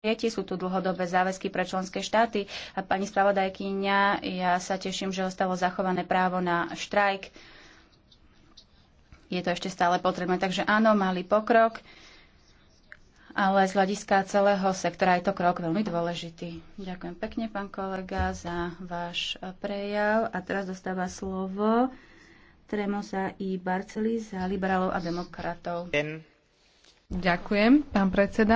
Viete, sú tu dlhodobé záväzky pre členské štáty. A pani spravodajkyňa, ja sa teším, že ostalo zachované právo na štrajk. Je to ešte stále potrebné. Takže áno, malý pokrok, ale z hľadiska celého sektora je to krok veľmi dôležitý. Ďakujem pekne, pán kolega, za váš prejav. A teraz dostáva slovo Tremosa i Barceli za liberálov a demokratov. Ďakujem, pán predseda.